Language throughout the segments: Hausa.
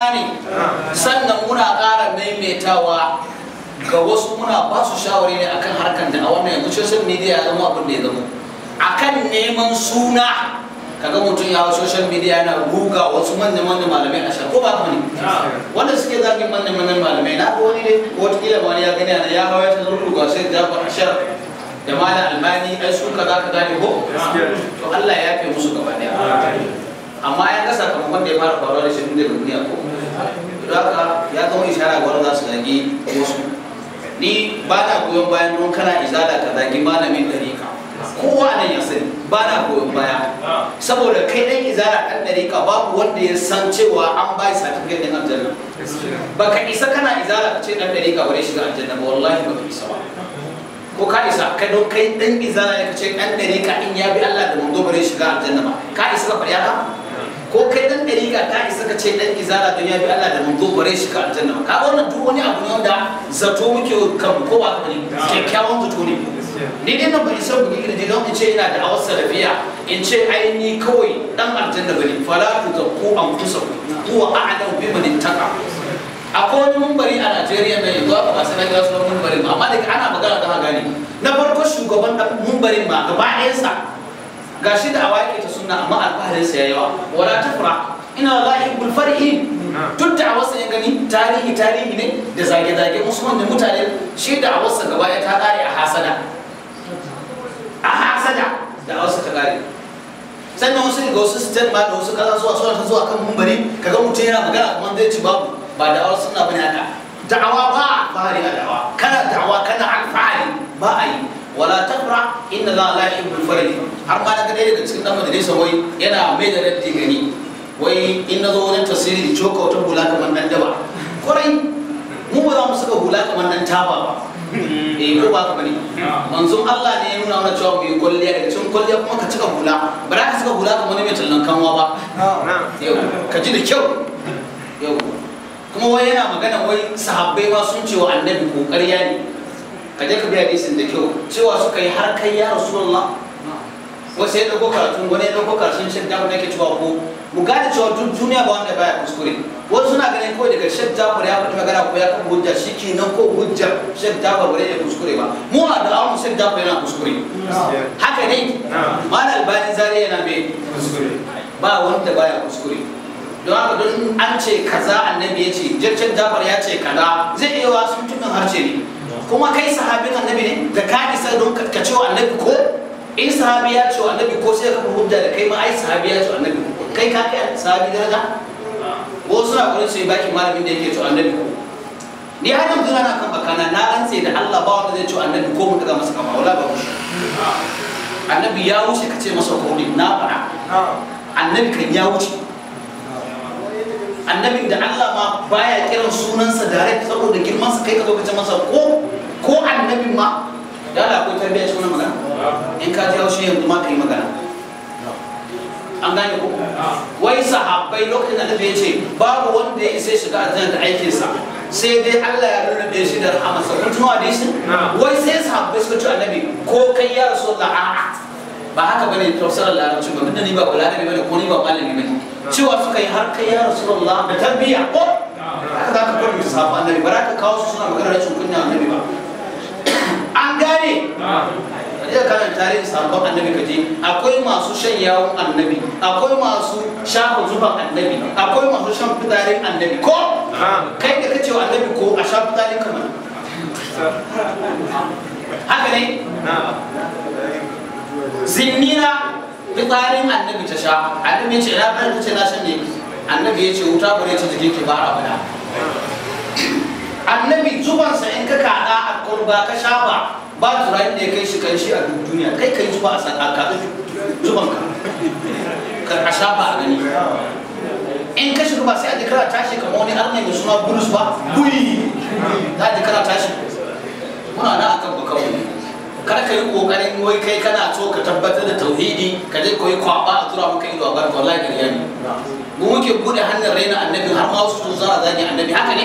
ne sannan muna ƙara maimaitawa ga wasu muna ba su shawari ne akan harkar da a wannan yanzu social media ya zama abin da ya zama akan neman suna kaga mutum ya social media yana ruga wasu manyan manyan malamai a ko ba kuma ne wanda suke zagin manyan manyan malamai na ga wani ne ko wata wani ya gani da ya hawa ya tazar ruga sai da jafar shar da malam albani ai su za ka gane ko to Allah ya fi musu gaba daya amma ya ga sakamakon da ya fara faruwa da shirin da duniya ko haka ya zama ishara gwara za su zagi wasu ni ba na goyon bayan don kana izala ka zagi malamin dariƙa kowa nan ya sani ba na goyon baya saboda kai dan izala kan dariƙa babu wanda ya san cewa an bai certificate din aljanna baka isa kana izala ka ce dan dariƙa bare shiga aljanna ba wallahi baka isa ba ko ka isa kai don kai dan izala ya ka ce dan dariƙa in ya bi Allah da manzo bare shiga aljanna ba ka isa ka fariya ka ko kai dan dariƙa ta isa ka ce dan izara don ya bi Allah da manzo bare shi ka aljanna ka ga wannan duk wani abu ne wanda zato muke kan ba ka ne kyakkyawan zato ne ni dai nan ba isa mu gina dai don in ce ina da awar salafiya in ce ai ni kawai dan aljanna bane fala tu ku an kusa wa a'lamu man ittaqa akwai wani mumbari a najeriya mai yanzu aka ba sai na sunan mumbarin amma daga ana magana da gane na farko shugaban mumbarin ma gaba ɗayansa gashi da awa yake ta sunna amma alfaharin sa yayi yawa wala ta fura. ina wallahi ibul farhi duk da awasa ya gani tarihi tarihi ne da zage zage musamman da mutane shi da awasa gaba ya ta ƙare a hasada a hasada da awasa ta ƙare. sannan wasu ga wasu state ma da wasu kaza zuwa suna ta zuwa kan mumbari kaga mutum yana magana kuma zai ci babu ba da awar sunna bane haka da'awa ba alfahari a da'awa kana da'awa kana alfahari ba a yi wala tafra inna za la yuhibbul farih har ma daga ɗaya daga cikin dan nesa wai yana mai da raddi gani wai inna zo wajen tasiri da coka wata hula kamar nan daba kwarai mu ba za mu saka hula kamar nan taba ba eh ko ba ka bane Wanzu Allah ne ya nuna mana cewa mu kulliya da cin kulliya kuma ka cika hula ba za ka saka hula kamar mai tallan kanwa ba yau ka ji da kyau yau kuma wai yana magana wai sahabbai ma sun ce wa annabi ko ƙarya ne ka je ka bi hadisin da kyau cewa suka yi har kai ya rasulullah wasu ya dauko karatun wani ya dauko karatun shan kuma yake cewa ko mu gane cewa duk duniya ba wanda baya kuskure wasu suna ganin kawai daga shan jafar ya fita magana ko ya ka hujja shi ke nan ko hujja shan jafar bare ya kuskure ba mu a da awon shan jafar yana kuskure haka ne mana albani zare yana mai kuskure ba wanda baya kuskure don haka don an ce kaza annabi ya ce jirgin jafar ya ce kaza zai iya wasu mutumin harce ne kuma kai sahabin annabi ne da ka isa don ka ce wa annabi ko in sahabi ya ce wa annabi ko sai ka hujja da kai ma ai sahabi ya ce wa annabi ko kai ka kai sahabi daraja ko suna gurin sai yi baki malamin da yake ce annabi ko ni har yanzu na kan bakana na rantse da Allah ba wanda zai ce annabi ko mun daga masa kama wala ba mushi annabi ya wuce ka ce masa ko na fara annabi kan ya wuce annabin da Allah ma baya kiran sunansa direct saboda girmansa kai ka zo ka ce masa ko ko annabin ma da ala akwai tarbiyya cikin wannan magana in ka ji shi yanzu ma ka yi magana an gane ko wai sahabbai lokacin da annabi ya ce babu wanda ya isa shiga aljanna da aikinsa sai dai Allah ya da shi da rahamarsa kun tuno hadisi wai sai sahabbai suka ci annabi ko kai ya rasu da a'a ba haka bane tausarar larabci ba tunda ni ba balarabi bane ko ni ba malami bane cewa suka yi har kai ya rasu da tarbiyya ko haka za ka kwalmi sahabban annabi ba za ka kawo su suna magana rashin kunya annabi ba zai karanta tarihin sabon annabi kaje akwai masu shan yawon annabi akwai masu shafa zuban annabi akwai masu shan fitarin annabi ko kai da kace wa annabi ko a sha fitarin kamar haka ne zinnina fitarin annabi ta sha annabi ya ce na fara ta ce na shan ne annabi ya ce wuta bare ce jikin ki ba a bada annabi zubansa in ka kada a kurba ka sha ba ba turayen da ya kai shi kanshi a duk duniya kai kai zuba a sana ka zuban ka ka sha ba a gani in ka shiga ba sai a ji tashi kamar wani arna mai suna bulus ba buli ta a tashi muna na akan ba kawai kar ka yi kokarin wai kai kana so ka tabbatar da tauhidi ka je koyi kwaba a tura maka ido a bar wallahi gariya ne mu muke bude hannun raina annabi har ma wasu sun zara zagi annabi haka ne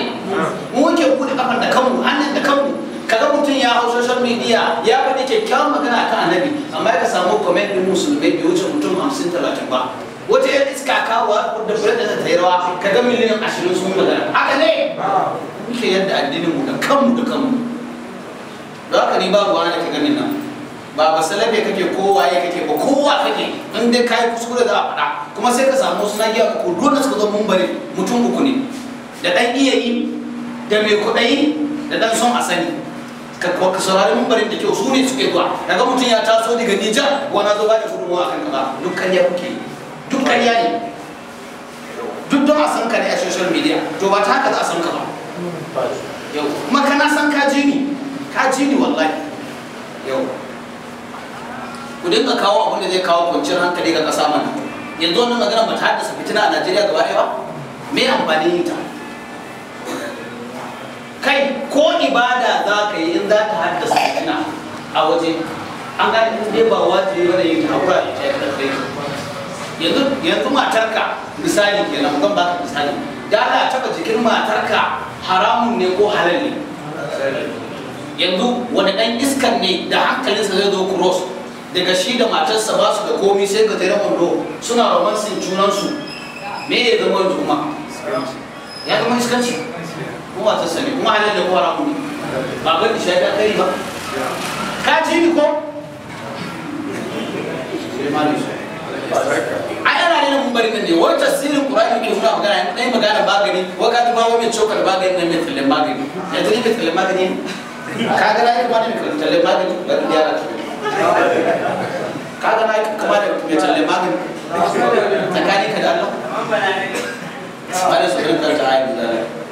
mu muke bude kafan da kanmu hannun da kanmu kaga mutum ya hau social media ya faɗi kyakkyawan magana kan annabi amma ya ka samu comment din musulmi bai wuce mutum hamsin talatin ba wata yadda iska kawo da fure da ta yi rawa kaga miliyan ashirin sun magana haka ne muke yadda addinin mu da kanmu da kanmu da haka ni babu wani ka gani nan ba ba salabe kake ya kake ba kowa kake in dai kai kuskure za a faɗa kuma sai ka samu suna giya uku dole suka zo mun bari mutum uku ne da ɗan iya yi da mai kuɗayi da ɗan son a sani ka ka saurari mimbarin da kyau su ne suke zuwa daga mutum ya taso daga Nijar wani zo ba da gudunmawa akan kaza duk kariya kuke duk kariya ne duk don a san ka ne a social media to ba ta haka za a san ka ba yau kuma kana san ka ji ni ka ji ni wallahi yau ku dinga kawo abin da zai kawo kwanciyar hankali ga kasa mana yanzu wannan magana ba ta haddasa fitina a Najeriya gaba ɗaya ba me amfani yin ta kai ko ibada za ka yi a waje an gane in dai ba waje ba da yin haƙura da ita ta kai yanzu yanzu matarka misali kenan zan baka misali da ana taba jikin matarka haramun ne ko halal ne yanzu wani ɗan iskan ne da hankalinsa zai zo cross daga shi da matarsa ba su da komi sai ka tare wando suna romansin junansu me ya zama yanzu kuma ya zama iskanci kuma ta ne kuma halal da ko haramun ne ba ban da shaida kai ba kajin ko ai ana ne mun bari ne wani tasirin qur'ani ke nuna magana ne magana magani wa ka ba wani cokal magani ne mai tallan magani yanzu ne mai tallan magani ka ga rai kuma ne mai tallan magani ba da yara ka ga rai kuma da mai tallan magani tsakani ka da Allah ba da su kan ta ayi da